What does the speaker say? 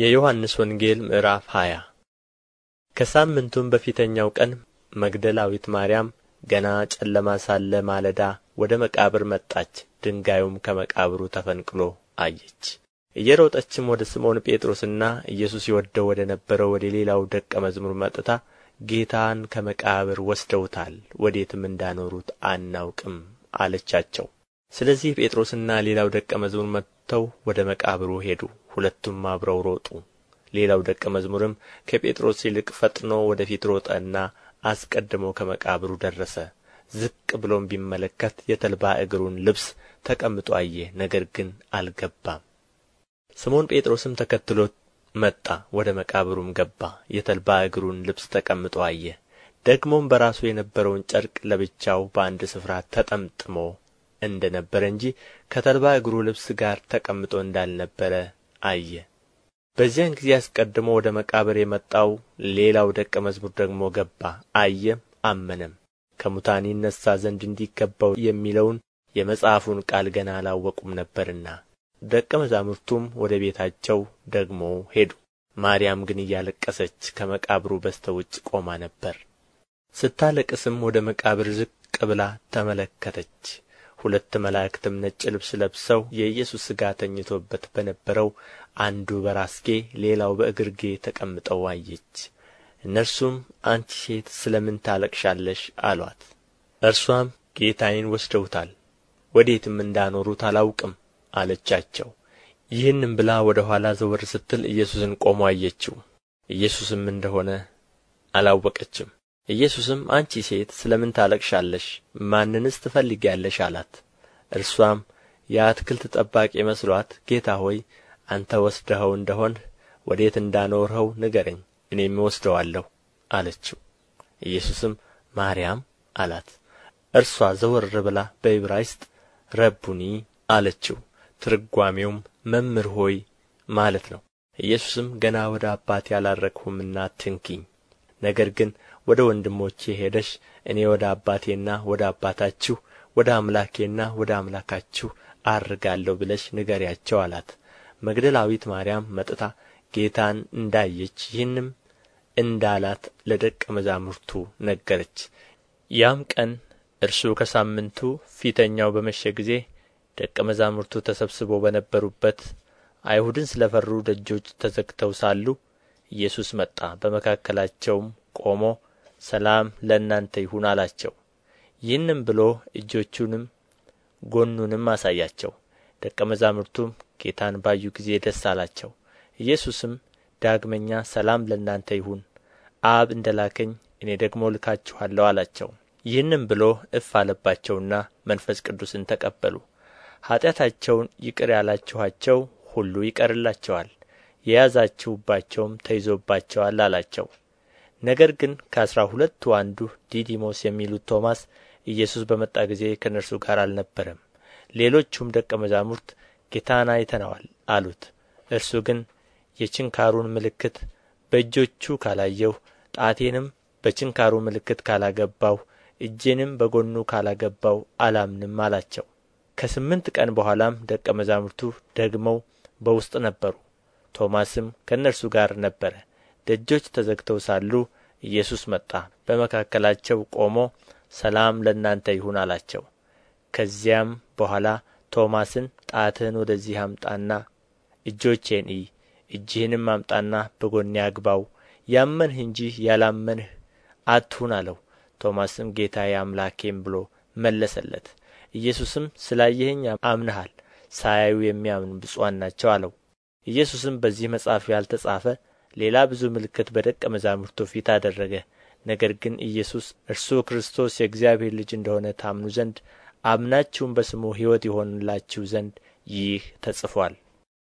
የዮሐንስ ወንጌል ምዕራፍ 20 ከሳምንቱም በፊተኛው ቀን መግደላዊት ማርያም ገና ጨለማ ሳለ ማለዳ ወደ መቃብር መጣች፣ ድንጋዩም ከመቃብሩ ተፈንቅሎ አየች። እየሮጠችም ወደ ስምዖን ጴጥሮስና ኢየሱስ ይወደው ወደ ነበረው ወደ ሌላው ደቀ መዝሙር መጥታ ጌታን ከመቃብር ወስደውታል፣ ወዴትም እንዳኖሩት አናውቅም አለቻቸው። ስለዚህ ጴጥሮስና ሌላው ደቀ መዝሙር ትተው ወደ መቃብሩ ሄዱ። ሁለቱም አብረው ሮጡ። ሌላው ደቀ መዝሙርም ከጴጥሮስ ይልቅ ፈጥኖ ወደ ፊት ሮጠና አስቀድሞ ከመቃብሩ ደረሰ። ዝቅ ብሎም ቢመለከት የተልባ እግሩን ልብስ ተቀምጦ አየ፣ ነገር ግን አልገባም። ስምዖን ጴጥሮስም ተከትሎ መጣ፣ ወደ መቃብሩም ገባ፣ የተልባ እግሩን ልብስ ተቀምጦ አየ። ደግሞም በራሱ የነበረውን ጨርቅ ለብቻው በአንድ ስፍራ ተጠምጥሞ እንደ ነበረ እንጂ ከተልባ እግሩ ልብስ ጋር ተቀምጦ እንዳልነበረ አየ። በዚያን ጊዜ አስቀድሞ ወደ መቃብር የመጣው ሌላው ደቀ መዝሙር ደግሞ ገባ፣ አየም፣ አመነም። ከሙታን ይነሣ ዘንድ እንዲገባው የሚለውን የመጽሐፉን ቃል ገና አላወቁም ነበርና። ደቀ መዛሙርቱም ወደ ቤታቸው ደግሞ ሄዱ። ማርያም ግን እያለቀሰች ከመቃብሩ በስተ ውጭ ቆማ ነበር። ስታለቅስም ወደ መቃብር ዝቅ ብላ ተመለከተች። ሁለት መላእክትም ነጭ ልብስ ለብሰው የኢየሱስ ሥጋ ተኝቶበት በነበረው አንዱ በራስጌ ሌላው በእግርጌ ተቀምጠው አየች። እነርሱም አንቺ ሴት ስለ ምን ታለቅሻለሽ? አሏት። እርሷም ጌታዬን ወስደውታል፣ ወዴትም እንዳኖሩት አላውቅም አለቻቸው። ይህንም ብላ ወደ ኋላ ዘወር ስትል ኢየሱስን ቆሞ አየችው። ኢየሱስም እንደሆነ አላወቀችም። ኢየሱስም አንቺ ሴት ስለ ምን ታለቅሻለሽ? ማንንስ ትፈልጊያለሽ? አላት። እርሷም የአትክልት ጠባቂ መስሏት፣ ጌታ ሆይ አንተ ወስደኸው እንደሆንህ ወዴት እንዳኖርኸው ንገረኝ፣ እኔም እወስደዋለሁ አለችው። ኢየሱስም ማርያም አላት። እርሷ ዘወር ብላ በዕብራይስጥ ረቡኒ አለችው። ትርጓሜውም መምህር ሆይ ማለት ነው። ኢየሱስም ገና ወደ አባቴ አላረግሁምና ትንኪኝ ነገር ግን ወደ ወንድሞቼ ሄደሽ እኔ ወደ አባቴና ወደ አባታችሁ ወደ አምላኬና ወደ አምላካችሁ አርጋለሁ ብለሽ ንገሪያቸው አላት። መግደላዊት ማርያም መጥታ ጌታን እንዳየች ይህንም እንዳላት ለደቀ መዛሙርቱ ነገረች። ያም ቀን እርሱ ከሳምንቱ ፊተኛው በመሸ ጊዜ ደቀ መዛሙርቱ ተሰብስቦ በነበሩበት አይሁድን ስለ ፈሩ ደጆች ተዘግተው ሳሉ ኢየሱስ መጣ በመካከላቸውም ቆሞ ሰላም ለእናንተ ይሁን አላቸው ይህንም ብሎ እጆቹንም ጎኑንም አሳያቸው ደቀ መዛሙርቱም ጌታን ባዩ ጊዜ ደስ አላቸው ኢየሱስም ዳግመኛ ሰላም ለእናንተ ይሁን አብ እንደ ላከኝ እኔ ደግሞ ልካችኋለሁ አላቸው ይህንም ብሎ እፍ አለባቸውና መንፈስ ቅዱስን ተቀበሉ ኀጢአታቸውን ይቅር ያላችኋቸው ሁሉ ይቀርላቸዋል የያዛችሁባቸውም ተይዞባቸዋል አላቸው ነገር ግን ከአሥራ ሁለቱ አንዱ ዲዲሞስ የሚሉት ቶማስ ኢየሱስ በመጣ ጊዜ ከእነርሱ ጋር አልነበረም ሌሎቹም ደቀ መዛሙርት ጌታን አይተነዋል አሉት እርሱ ግን የችንካሩን ምልክት በእጆቹ ካላየሁ ጣቴንም በችንካሩ ምልክት ካላገባሁ እጄንም በጎኑ ካላገባሁ አላምንም አላቸው ከስምንት ቀን በኋላም ደቀ መዛሙርቱ ደግመው በውስጥ ነበሩ ቶማስም ከእነርሱ ጋር ነበረ። ደጆች ተዘግተው ሳሉ ኢየሱስ መጣ፣ በመካከላቸው ቆሞ ሰላም ለእናንተ ይሁን አላቸው። ከዚያም በኋላ ቶማስን ጣትህን ወደዚህ አምጣና እጆቼን እይ፣ እጅህንም አምጣና በጎኔ አግባው፣ ያመንህ እንጂ ያላመንህ አትሁን አለው። ቶማስም ጌታዬ አምላኬም ብሎ መለሰለት። ኢየሱስም ስላየኸኝ አምነሃል፣ ሳያዩ የሚያምኑ ብፁዓን ናቸው አለው። ኢየሱስም በዚህ መጽሐፍ ያልተጻፈ ሌላ ብዙ ምልክት በደቀ መዛሙርቱ ፊት አደረገ ነገር ግን ኢየሱስ እርሱ ክርስቶስ የእግዚአብሔር ልጅ እንደሆነ ታምኑ ዘንድ አምናችሁም በስሙ ሕይወት ይሆንላችሁ ዘንድ ይህ ተጽፏል።